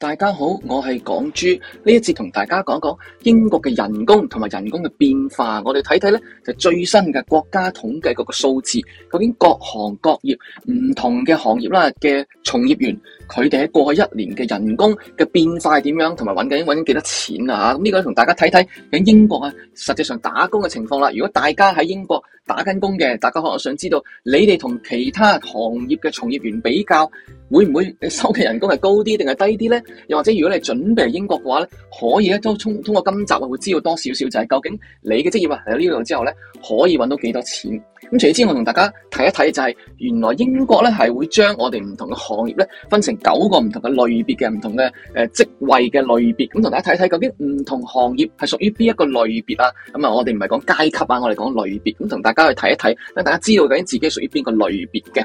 大家好，我係港豬，呢一次同大家講講英國嘅人工同埋人工嘅變化，我哋睇睇呢，就最新嘅國家統計局嘅數字，究竟各行各業唔同嘅行業啦嘅從業員，佢哋喺過去一年嘅人工嘅變化係點樣，同埋揾緊揾緊幾多錢啊？吓咁呢個同大家睇睇喺英國啊，實際上打工嘅情況啦。如果大家喺英國。打緊工嘅，大家可能想知道你哋同其他行業嘅從業員比較，會唔會收嘅人工係高啲定係低啲呢？又或者如果你準備英國嘅話呢，可以咧，都通通過今集啊，會知道多少少，就係究竟你嘅職業啊喺呢度之後呢，可以揾到幾多錢？咁除此之外，我同大家睇一睇，就係原來英國呢係會將我哋唔同嘅行業呢，分成九個唔同嘅類別嘅唔同嘅誒職位嘅類別。咁同大家睇一睇，究竟唔同行業係屬於邊一個類別啊？咁啊，我哋唔係講階級啊，我哋講類別。咁同大。大家去睇一睇，等大家知道究竟自己屬於邊個類別嘅。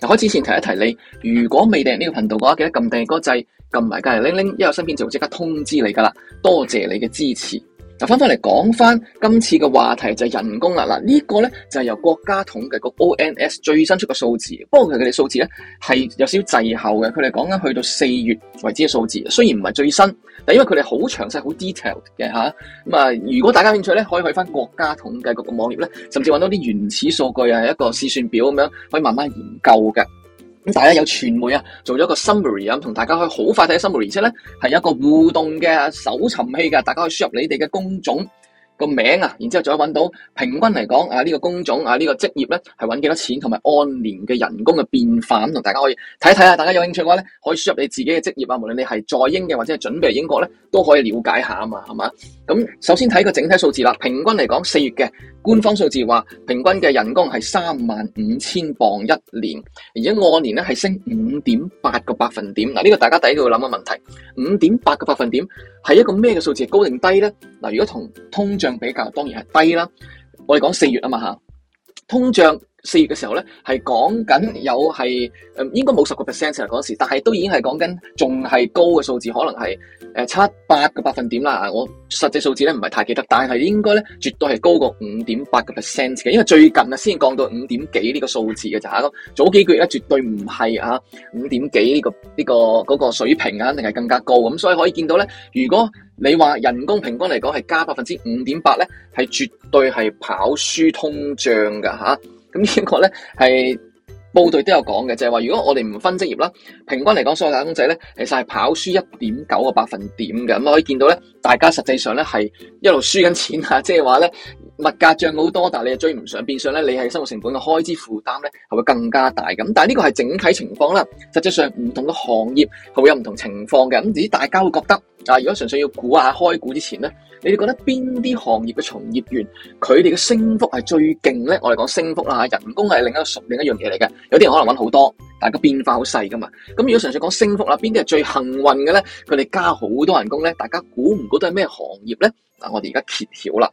就開始前提一提你，如果未訂呢個頻道嘅話，記得撳訂閱掣，撳埋隔籬鈴鈴，一有新片就會即刻通知你㗎喇。多謝你嘅支持。就翻翻嚟講翻今次嘅話題就係人工啦。嗱，呢個咧就係由國家統計局 ONS 最新出嘅數字。不過佢哋數字咧係有少少滯後嘅，佢哋講緊去到四月為止嘅數字。雖然唔係最新，但因為佢哋好詳細、好 detail 嘅吓。咁啊，如果大家興趣咧，可以去翻國家統計局嘅網頁咧，甚至揾到啲原始數據啊，一個試算表咁樣，可以慢慢研究嘅。咁大家有傳媒啊，做咗一個 summary 咁，同大家可以好快睇 summary。而且呢，係一個互動嘅搜尋器㗎，大家可以輸入你哋嘅工種。個名啊，然之後再揾到平均嚟講啊，呢個工種啊，這個、職呢個職業咧係揾幾多錢，同埋按年嘅人工嘅變化，咁同大家可以睇一睇啊。大家有興趣嘅話咧，可以輸入你自己嘅職業啊，無論你係在英嘅或者係準備英國咧，都可以了解一下啊嘛，係嘛？咁首先睇個整體數字啦，平均嚟講四月嘅官方數字話，平均嘅人工係三萬五千鎊一年，而且按年咧係升五點八個百分點。嗱，呢個大家第一度諗嘅問題，五點八個百分點係一個咩嘅數字，高定低咧？嗱，如果同通脹比較當然係低啦，我哋講四月啊嘛，吓，通脹四月嘅時候咧係講緊有係誒應該冇十個 percent 嘅嗰時，但係都已經係講緊仲係高嘅數字，可能係。誒，七八個百分點啦，我實際數字咧唔係太記得，但係應該咧絕對係高過五點八個 percent 嘅，因為最近啊先降到五點幾呢個數字嘅咋吓，早幾個月咧絕對唔係啊五點幾呢個呢個嗰個水平啊，定係更加高，咁所以可以見到咧，如果你話人工平均嚟講係加百分之五點八咧，係絕對係跑輸通脹噶吓，咁英國咧係。是部隊都有講嘅，就係話如果我哋唔分職業啦，平均嚟講所有打工仔咧，其實係跑輸一點九個百分點嘅。咁可以見到咧，大家實際上咧係一路輸緊錢呀，即係話咧物價漲好多，但係你又追唔上，變相咧你係生活成本嘅開支負擔咧係會更加大咁。但係呢個係整體情況啦，實際上唔同嘅行業係會有唔同情況嘅。咁至於大家會覺得啊，如果純粹要估下開估之前咧。你哋覺得邊啲行業嘅從業員佢哋嘅升幅係最勁呢？我哋講升幅啦，人工係另一個另一樣嘢嚟嘅。有啲人可能搵好多，但係個變化好細噶嘛。咁如果純粹講升幅啦，邊啲係最幸運嘅呢？佢哋加好多人工呢，大家估唔估到係咩行業呢？我哋而家揭曉啦。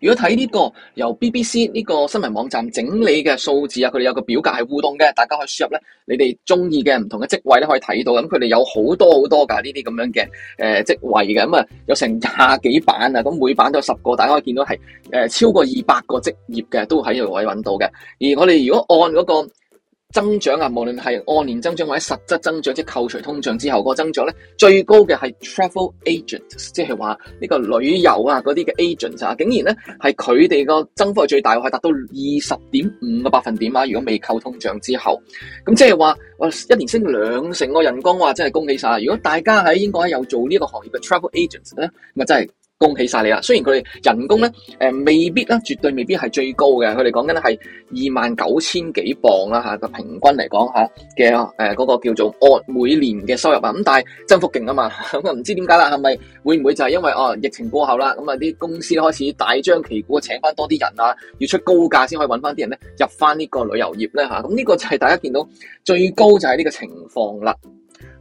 如果睇呢、這個由 BBC 呢個新聞網站整理嘅數字啊，佢哋有個表格係互動嘅，大家可以輸入咧，你哋中意嘅唔同嘅職位咧可以睇到，咁佢哋有好多好多噶呢啲咁樣嘅誒、呃、職位嘅，咁、嗯、啊有成廿幾版啊，咁、嗯、每版都有十個，大家可以見到係誒、呃、超過二百個職業嘅都喺呢度搵到嘅，而我哋如果按嗰、那個。增長啊，無論係按年增長或者實質增長，即係扣除通脹之後，個增長咧最高嘅係 travel agents，即係話呢個旅遊啊嗰啲嘅 agents 啊，竟然咧係佢哋個增幅係最大，係達到二十點五個百分點啊！如果未扣通脹之後，咁即係話我一年升兩成個人工，啊，哇！真係恭喜晒，啊！如果大家喺英國有做呢一個行業嘅 travel agents 咧，咪真係～恭喜晒你啦，雖然佢哋人工咧，誒未必啦，絕對未必係最高嘅。佢哋講緊係二萬九千幾磅啦吓，個平均嚟講吓嘅誒，嗰個叫做按每年嘅收入啊。咁但係增幅勁啊嘛，咁啊唔知點解啦，係咪會唔會就係因為哦疫情過後啦，咁啊啲公司開始大張旗鼓請翻多啲人啊，要出高價先可以搵翻啲人咧入翻呢個旅遊業咧吓，咁呢個就係大家見到最高就係呢個情況啦。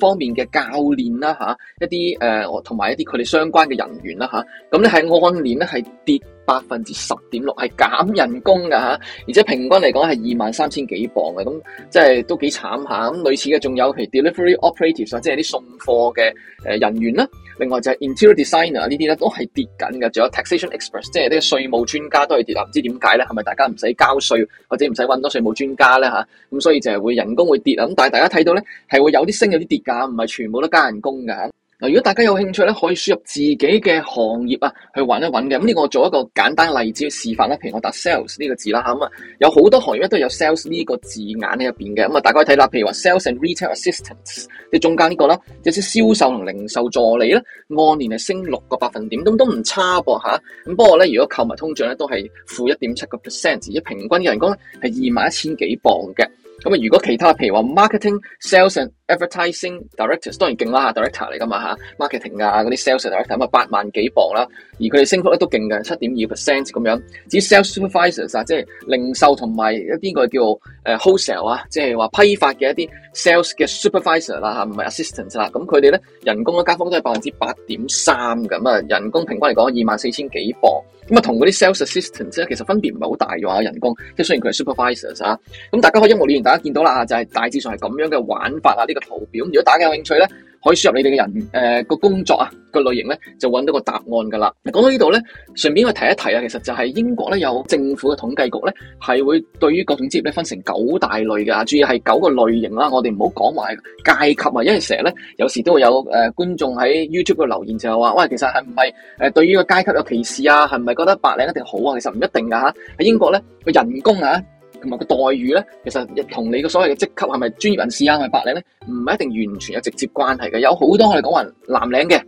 方面嘅教練啦嚇，一啲誒同埋一啲佢哋相關嘅人員啦嚇，咁咧係按年咧係跌百分之十點六，係減人工㗎嚇、啊，而且平均嚟講係二萬三千幾磅嘅，咁即係都幾慘嚇。咁、啊、類似嘅仲有譬如 delivery operatives、啊、即係啲送貨嘅誒人員啦、啊。另外就係 interior designer 呢啲咧都係跌緊嘅，仲有 taxation experts，即係啲稅務專家都係跌啦。唔、啊、知點解咧，係咪大家唔使交稅或者唔使揾多稅務專家咧嚇？咁、啊啊、所以就係會人工會跌啊。咁但係大家睇到咧係會有啲升有啲跌。唔係全部都加人工嘅嗱，如果大家有興趣咧，可以輸入自己嘅行業啊去揾一揾嘅。咁呢個我做一個簡單例子示範啦。譬如我打 sales 呢個字啦嚇，咁啊有好多行業咧都有 sales 呢個字眼喺入邊嘅。咁啊大家睇啦，譬如話 sales and retail assistants，即中間呢個啦，即係銷售同零售助理啦。按年係升六個百分點，咁都唔差噃嚇。咁不過咧，如果購物通脹咧都係負一點七個 percent，而且平均嘅人工咧係二萬一千幾磅嘅。咁啊，如果其他譬如話 marketing sales。Advertising directors 當然勁啦嚇，director 嚟㗎嘛嚇、啊、marketing 啊嗰啲 sales director 咁啊八萬幾磅啦，而佢哋升幅咧都勁嘅七點二 percent 咁樣。至於 sales supervisors 啊，即係零售同埋一啲個叫做、啊、wholesale 啊，即係話批發嘅一啲 sales 嘅 supervisors 啦、啊、嚇，唔、啊、係 assistant 啦、啊，咁佢哋咧人工嘅加幅都係百分之八點三咁啊，人工平均嚟講二萬四千幾磅咁啊，同嗰啲 sales assistants 咧、啊、其實分別唔係好大嘅話、啊、人工，即係雖然佢係 supervisors 啊，咁、啊啊、大家可以一目了然，大家見到啦啊，就係、是、大致上係咁樣嘅玩法啊。大家，如果大家有興趣咧，可以輸入你哋嘅人誒個、呃、工作啊個類型咧，就揾到個答案噶啦。講到呢度咧，順便去提一提啊，其實就係英國咧有政府嘅統計局咧係會對於各種職業咧分成九大類噶，注意係九個類型啦。我哋唔好講埋階級啊，因為成日咧有時都會有誒、呃、觀眾喺 YouTube 嘅留言就係話，喂，其實係唔係誒對於個階級有歧視啊？係咪覺得白領一定好啊？其實唔一定噶吓。喺英國咧個人工啊。同埋個待遇咧，其實同你嘅所謂嘅職級係咪專業人士啊，係白領咧，唔係一定完全有直接關係嘅。有好多我哋講話藍領嘅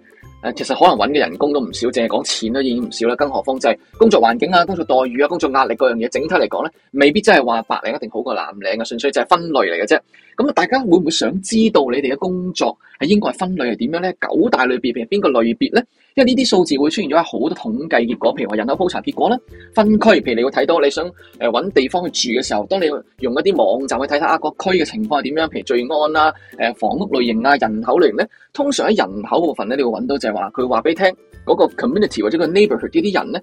誒，其實可能搵嘅人工都唔少，淨係講錢都已經唔少啦。更何況就係工作環境啊，工作待遇啊，工作壓力各樣嘢，整體嚟講咧，未必真係話白領一定好過藍領嘅，純粹就係分類嚟嘅啫。咁啊，大家會唔會想知道你哋嘅工作喺英國係分類係點樣咧？九大類別邊個類別咧？因為呢啲數字會出現咗好多統計結果，譬如話人口普查結果咧，分區，譬如你會睇到你想誒搵地方去住嘅時候，當你用一啲網站去睇下啊個區嘅情況係點樣，譬如罪案啊、誒房屋類型啊、人口類型咧，通常喺人口部分咧，你會搵到就係話佢話俾你聽嗰個 community 或者個 neighborhood 呢啲人咧。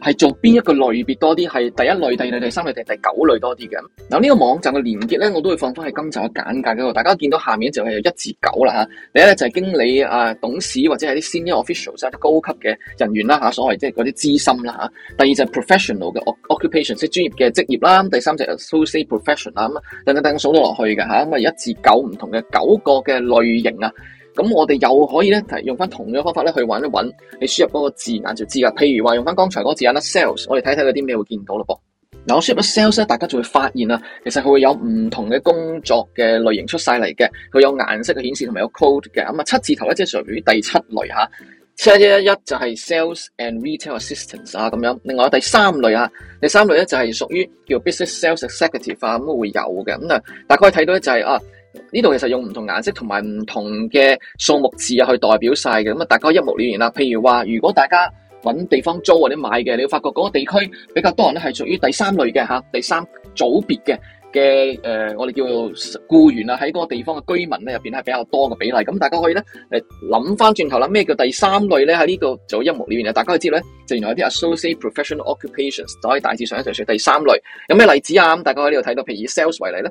係做邊一個類別多啲？係第一類、第二類、第三類定係第九類多啲嘅？嗱，呢個網站嘅連結咧，我都會放翻喺今集嘅簡介嗰度。大家見到下面就係有一至九啦吓。第一咧就係經理啊、董事或者係啲 Senior Officials 高級嘅人員啦吓，所謂即係嗰啲資深啦吓。第二就係 Professional 嘅 Occupation，即係專業嘅職業啦。第三就係 Associate Professional 啦，咁等等數到落去嘅吓咁啊，一至九唔同嘅九個嘅類型咁我哋又可以咧，用翻同樣嘅方法咧去揾一揾，你輸入嗰個字眼就知噶。譬如話用翻剛才嗰個字眼咧，sales，我哋睇睇嗰啲咩會見到咯噃。嗱，我輸入 sales 咧，大家就會發現啊，其實佢會有唔同嘅工作嘅類型出晒嚟嘅。佢有顏色嘅顯示同埋有 code 嘅。咁啊，七字頭咧即係屬於第七類嚇，七一一一就係 sales and retail assistants 啊咁樣。另外第三類啊，第三類咧就係屬於叫 business sales executive 啊咁會有嘅。咁啊，大家可以睇到咧就係啊。呢度其實用唔同顏色同埋唔同嘅數目字啊去代表晒嘅，咁啊大家一目了然啦。譬如話，如果大家搵地方租或者買嘅，你會發覺嗰個地區比較多人咧係屬於第三類嘅吓、啊，第三組別嘅嘅誒，我哋叫做雇員啊，喺嗰個地方嘅居民咧入邊係比較多嘅比例。咁大家可以咧誒諗翻轉頭啦，咩叫第三類咧？喺呢度就一目了然啊！大家可以知道咧，就原來有啲 associate professional occupations 就可以大致上嚟算第三類。有咩例子啊？咁大家喺呢度睇到，譬如以 sales 為例咧。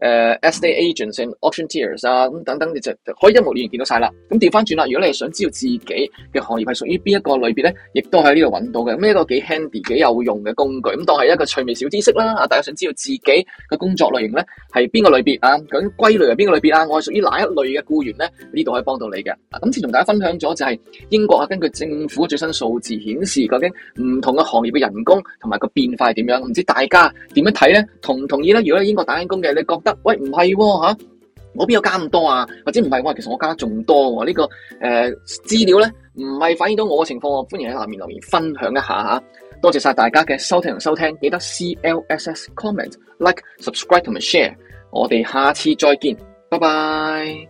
誒、呃、estate agents、auctioneers t 啊，咁等等，你就可以一目了然見到晒啦。咁調翻轉啦，如果你係想知道自己嘅行業係屬於邊一個類別咧，亦都喺呢度揾到嘅，咩一個幾 handy、幾有用嘅工具。咁當係一個趣味小知識啦。啊，大家想知道自己嘅工作類型咧係邊個類別啊？究竟歸類係邊個類別啊？我係屬於哪一類嘅僱員咧？呢度可以幫到你嘅。咁先同大家分享咗就係英國啊，根據政府嘅最新數字顯示，究竟唔同嘅行業嘅人工同埋個變化係點樣？唔知大家點樣睇咧？同唔同意咧？如果喺英國打緊工嘅，你覺得？喂，唔係喎嚇，我邊有加咁多啊？或者唔係喎，其實我加得仲多喎、啊。呢、這個誒、呃、資料咧，唔係反映到我嘅情況喎。歡迎喺下面留言分享一下嚇。多謝晒大家嘅收聽同收聽，記得 CLSS comment like subscribe 同埋 share。我哋下次再見，拜拜。